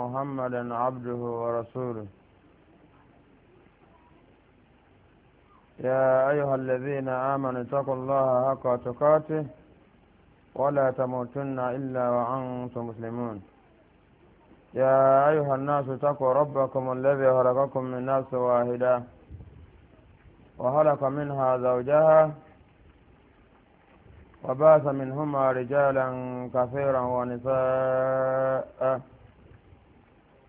محمدا عبده ورسوله يا أيها الذين آمنوا اتقوا الله حق تقاته ولا تموتن إلا وأنتم مسلمون يا أيها الناس اتقوا ربكم الذي خلقكم من نفس واحدة وخلق منها زوجها وباث منهما رجالا كثيرا ونساء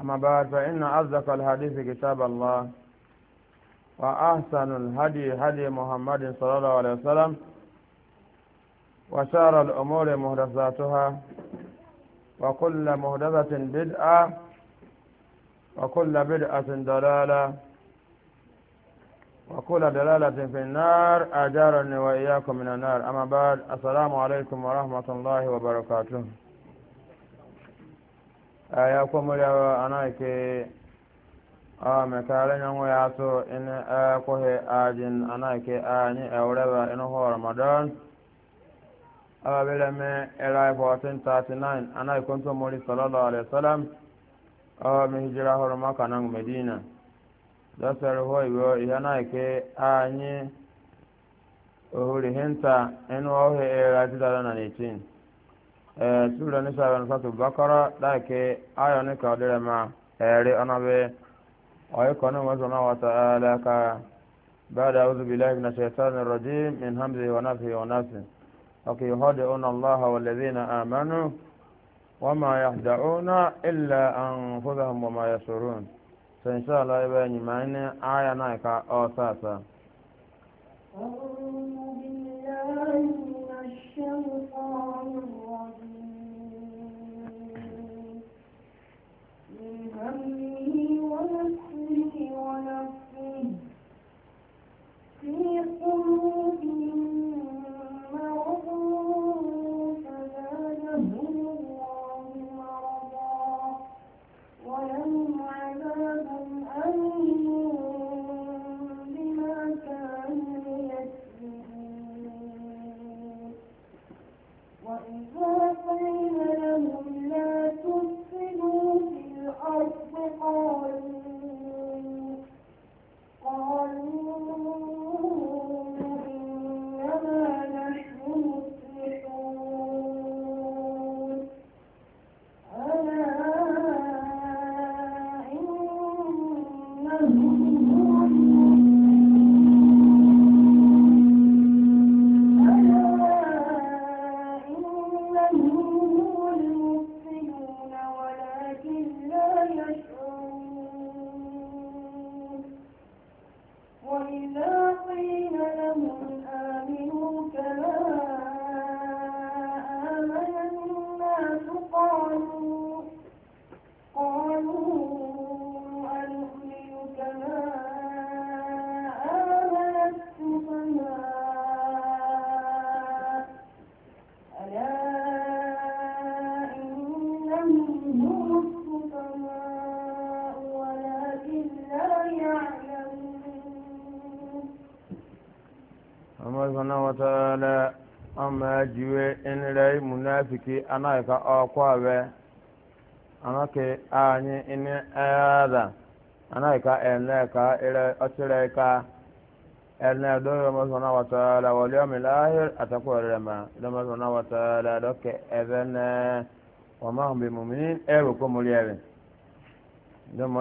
أما بعد فإن أصدق الحديث كتاب الله وأحسن الهدي هدي محمد صلى الله عليه وسلم وشار الأمور مهدثاتها وكل مهدثة بدعة وكل بدعة ضلالة وكل دلالة في النار أجارني وإياكم من النار أما بعد السلام عليكم ورحمة الله وبركاته ya komuriyawa ana ke a mekare nyanwo ya to in a kohe ajin ana ke a ni eureba in ho ramadan a bele me 1439 ana ikon to mori sallallahu alaihi wasallam a mi hijira maka nan medina da sare ihe iwo ihana ke anyi ohuri hinta inu ohe e na 2018 sura ni sa ran bakara da ayo ka dere ma ere ona be ay wa zona wa ta'ala ka بعد أعوذ بالله من الشيطان الرجيم من همزه ونفه ونفسه وكي يهدئون الله والذين آمنوا وما يهدعون إلا أنفسهم وما يشعرون فإن شاء الله يبين معين آية نايكا أو ساسا أعوذ بالله من الشيطان الرجيم من همه ونفسه ¿no? amma sana wata ala amma jiwe in rai munafiki ana ka akwawe anyi in ayada ana ene ka ire otire ka ene do mo sana wata ala wal yawm al akhir atakuwa doke even wa ma bi mu'minin e ko mo